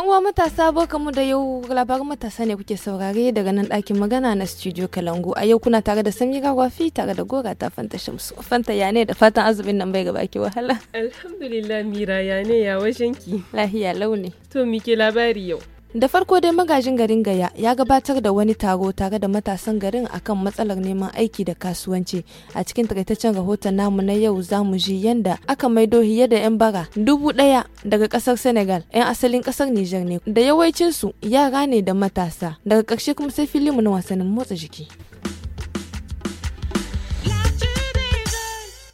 'yan uwa matasa barkamu da yau labarin matasa ne kuke saurare daga nan ɗakin magana na studio kalangu a yau kuna tare da sami gagwafi tare da gora ta fanta shamsu fanta ya ne da fatan azumin nan bai gaba ke wahala alhamdulillah mira ya ne ya wajen ki lahiya launi to mike labari yau Da farko dai magajin garin Gaya ya gabatar da wani taro tare da matasan garin akan matsalar neman aiki da kasuwanci. A cikin takaitaccen rahoton namu na yau za mu ji yanda aka maido hiye da 'yan bara dubu ɗaya daga kasar Senegal 'yan asalin kasar niger ne da yawancinsu yara ne da matasa. Daga karshe kuma sai mu na wasannin motsa jiki.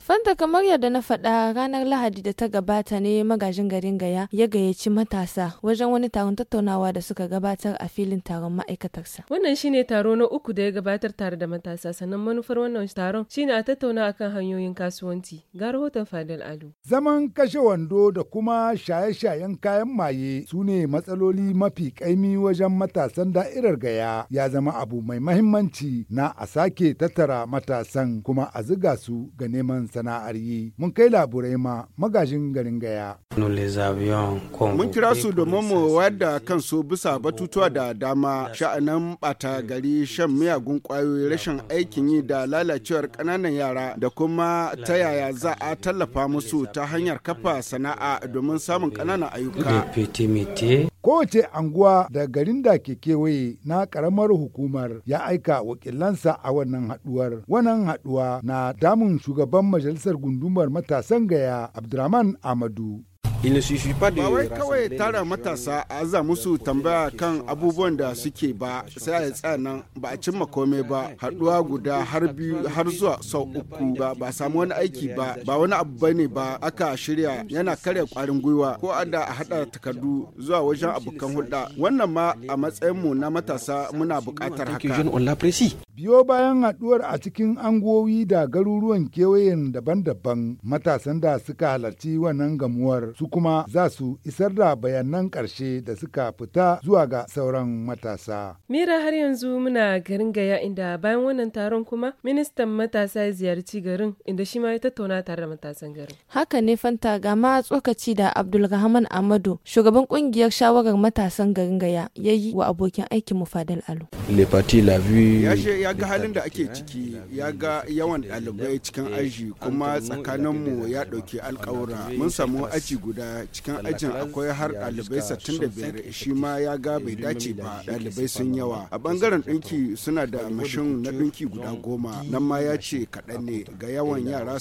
Fanta kamar yadda na faɗa ranar Lahadi da ta gabata ne magajin garin Gaya ya gayyaci matasa wajen wani taron tattaunawa da suka gabatar a filin taron ma'aikatarsa. Wannan shine taro na uku da ya gabatar tare da matasa sannan manufar wannan taron shine a tattauna akan hanyoyin kasuwanci. Ga rahoton Fadil Alu. Zaman kashe wando da kuma shaye-shayen kayan maye su ne matsaloli mafi kaimi wajen matasan da'irar Gaya ya zama abu mai mahimmanci na a sake tattara matasan kuma a ziga su ga neman sana'ar yi mun kai laburai ma magajin garin gaya mun kira su domin mu kan kansu bisa batutuwa da dama sha'anan bata gari shan miyagun kwayoyi rashin aikin yi da lalacewar ƙananan yara da kuma ta yaya za a tallafa musu ta hanyar kafa sana'a domin samun ƙananan ayyuka kowace anguwa da garin da ke kewaye na ƙaramar hukumar ya aika wakilansa a wannan haduwar wannan haduwa na damun shugaban majalisar majalisar gundumar matasan gaya Abdurrahman Amadu. ba wai kawai tara matasa a za musu tambaya kan abubuwan da suke ba sai a tsanan nan ba a cimma komai ba haduwa guda har biyu har zuwa sau uku ba ba samu wani aiki ba ba wani abu ba ne ba aka shirya yana karya kwarin gwiwa ko da a hada takardu zuwa wajen abokan hulɗa wannan ma a matsayinmu na matasa muna bukatar haka Biyo bayan haɗuwar a cikin angowi da garuruwan kewayen daban-daban matasan da suka halarci wannan gamuwar su kuma za su isar da bayanan ƙarshe da suka fita zuwa ga sauran matasa. Mira har yanzu muna garin gaya inda bayan wannan taron kuma ministan matasa ya ziyarci garin inda shi ma ya tattauna tare da matasan garin. Haka ne Fanta ga ma tsokaci da Abdulrahman Amadu shugaban kungiyar shawarar matasan garin gaya ya yi wa abokin aikin mu Fadal Alu. Le parti la vie. ya ga halin da ake ciki ya ga yawan eh, ɗalibai cikin eh, aji kuma tsakaninmu ya ɗauki alkawura mun samu aji guda cikin ajin akwai har ɗalibai 65 shi ma ya ga bai dace ba ɗalibai sun yawa a bangaren ɗinki suna da mashin na ɗinki guda goma nan ma ya ce kaɗan ne ga yawan yara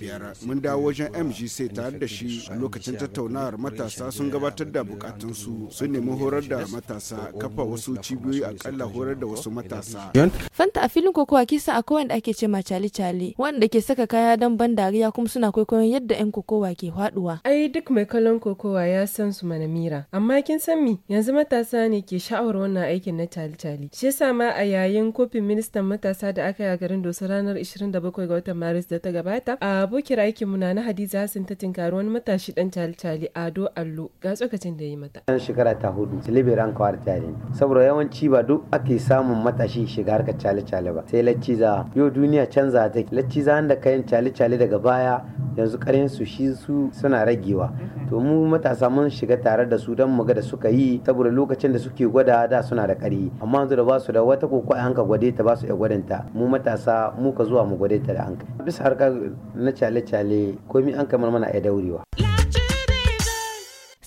biyar mun dawo wajen mgc tare da shi lokacin tattaunawar matasa sun gabatar da bukatunsu su nemi horar da matasa kafa wasu cibiyoyi akalla horar da wasu matasa Fanta a filin kokowa kisa akwai wanda ake ce ma cali-cali wanda ke saka kaya don ban dariya kuma suna kwaikwayon yadda 'yan kokowa ke faduwa. Ai duk mai kallon kokowa ya san su mana mira. Amma kin san mi yanzu matasa ne ke sha'awar wannan aikin na cali-cali. Shi yasa ma a yayin kofin ministan matasa da aka yi a garin Dosa ranar 27 ga watan Maris da ta gabata a abokiyar aikinmu na na Hadiza Hassan ta tinkari wani matashi dan cali-cali Ado Allo ga tsokacin da ya yi mata. Shekara ta hudu, silibiran kawar tare. Saboda yawanci ba duk ake samun matashi shiga harkar cale-cale ba sai lacciza yau duniya canza ta lacciza da kayan cale-cale daga baya yanzu karin su shi su suna ragewa to mu matasa mun shiga tare da su don ga da suka yi saboda lokacin da suke gwada da suna da kari amma yanzu da ba su da wata koko a hanka gwade ta ba su iya gwadanta mu matasa mu ka zuwa mu gwade ta da hanka bisa harkar na cale-cale komi an kamar mana yi daurewa.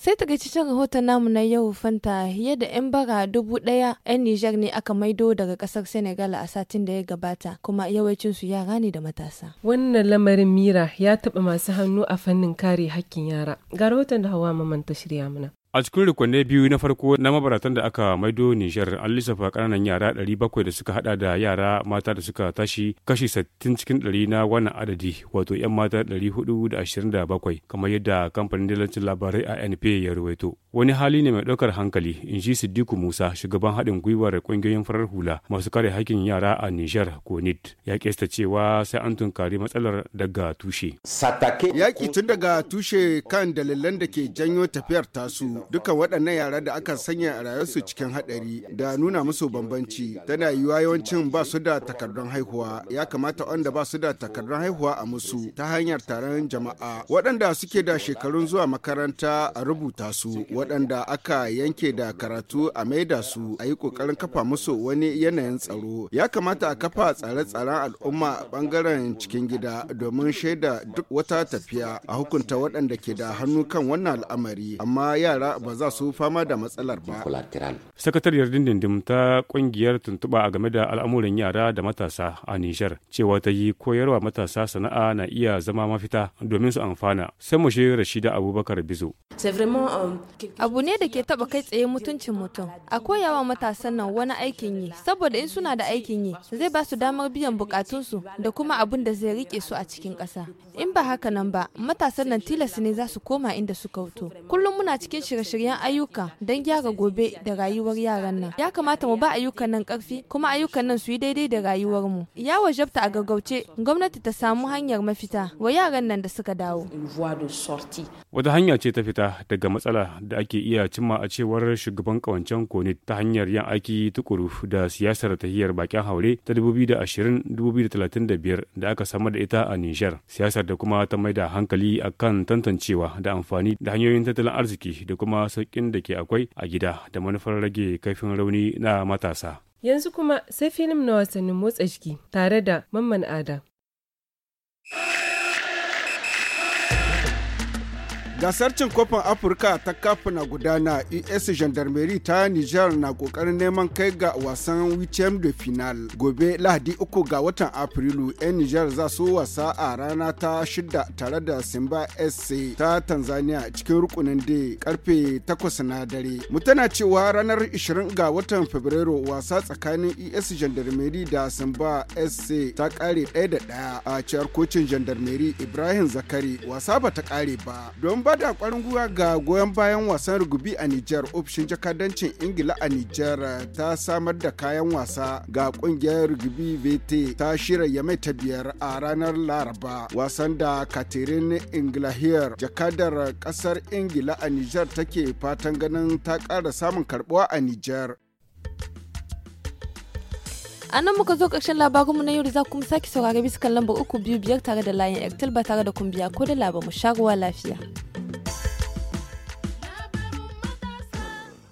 Sai ta takaitaccen rahoton namu na yau fanta yadda da 'yan bara dubu daya 'yan Nijar ne aka maido daga kasar Senegal a satin da ya gabata kuma yawancinsu yara ne da matasa. Wannan lamarin Mira ya taɓa masu hannu a fannin kare hakkin yara. Ga rahoton da Hawa Maman shirya mana. A cikin rukunai biyu na farko na mabaratan da aka maido Nijar an lissafa kananan yara 700 da suka hada da yara mata da suka tashi kashi 60 cikin 100 na wannan adadi wato 'yan mata hudu ashirin 427 kamar yadda kamfanin dalancin labarai a ANP ya ruwaito. Wani hali ne mai ɗaukar hankali in ji Siddiku Musa shugaban haɗin gwiwar ƙungiyoyin farar hula masu kare hakkin yara a Nijar konit ya kesta cewa sai an tunkari matsalar daga tushe. Yaƙi tun daga tushe kan dalilan da ke janyo tafiyar tasu Dukan duka waɗannan yara da aka sanya a rayuwarsu cikin haɗari da nuna musu bambanci tana yiwuwa yawancin ba su da takardun haihuwa ya kamata wanda ba su da takardun haihuwa a musu ta hanyar taron jama'a waɗanda suke da shekarun zuwa makaranta a rubuta su waɗanda aka yanke da karatu a maida su a yi ƙoƙarin kafa musu wani yanayin tsaro ya kamata a kafa tsare-tsaren al'umma a ɓangaren cikin gida domin shaida duk wata tafiya a hukunta waɗanda ke da hannu kan wannan al'amari amma yara ba za su fama da matsalar ba. Sakatariyar dindindim ta kungiyar tuntuɓa a game da al'amuran yara da matasa a Nijar cewa ta yi koyarwa matasa sana'a na iya zama mafita domin su amfana. Sai mu shi Rashida Abubakar Bizo. Um, Abu ne da ke taba kai tsaye mutuncin mutum. A koyawa matasan nan wani aikin yi saboda in suna da aikin yi zai ba su damar biyan bukatunsu da kuma abin da zai rike su a cikin ƙasa. In ba haka nan ba matasan nan tilas ne za su koma inda suka wuto. Kullum muna cikin shirin shirye-shiryen ayyuka don gyara gobe da rayuwar yaran nan. Ya kamata mu ba ayyukan nan karfi kuma ayyukan nan su yi daidai da rayuwar mu. Ya wajabta a gaggauce gwamnati ta samu hanyar mafita wa yaran nan da suka dawo. Wata hanya ce ta fita daga matsala da ake iya cimma a cewar shugaban kawancen konit ta hanyar yin aiki tukuru da siyasar tahiyar bakin haure ta 2020-2035 da aka samar da ita a Nijar. Siyasar da kuma ta mai da hankali akan tantancewa da amfani da hanyoyin tattalin arziki da kuma kuma sauƙin da ke akwai a gida da manufar rage kaifin rauni na matasa. Yanzu kuma sai filim na wasannin motsa jiki tare da Mamman Ada. Gasar cin kofin Afirka ta kafa na gudana ES Gendarmerie ta niger na kokarin neman kai ga wasan WCM de final. Gobe Lahadi uku ga watan Afrilu 'yan niger za su wasa a rana ta shida tare da Simba SC ta Tanzania cikin rukunin D karfe 8 na dare. Mutana cewa ranar 20 ga watan Fabrairu wasa tsakanin ES Gendarmerie da Simba SC ta kare ɗaya da ɗaya a ciyar kocin Gendarmerie Ibrahim Zakari wasa ba ta kare ba. Don ba ba da kwarin gwiwa ga goyon bayan wasan rugubi a Nijar, ofishin jakadancin Ingila a Nijar ta samar da kayan wasa ga kungiyar rugubi VT ta shirya yamai ta biyar a ranar Laraba. Wasan da Catherine Inglahir, jakadar kasar Ingila a Nijar take fatan ganin ta kara samun karbuwa a Nijar. a nan muka zo ƙarshen labarinmu na yau da za kuma sake saurari bisa kan lambar uku biyu biyar tare da layin airtel ba tare da kumbiya ko da labar mu sharuwa lafiya.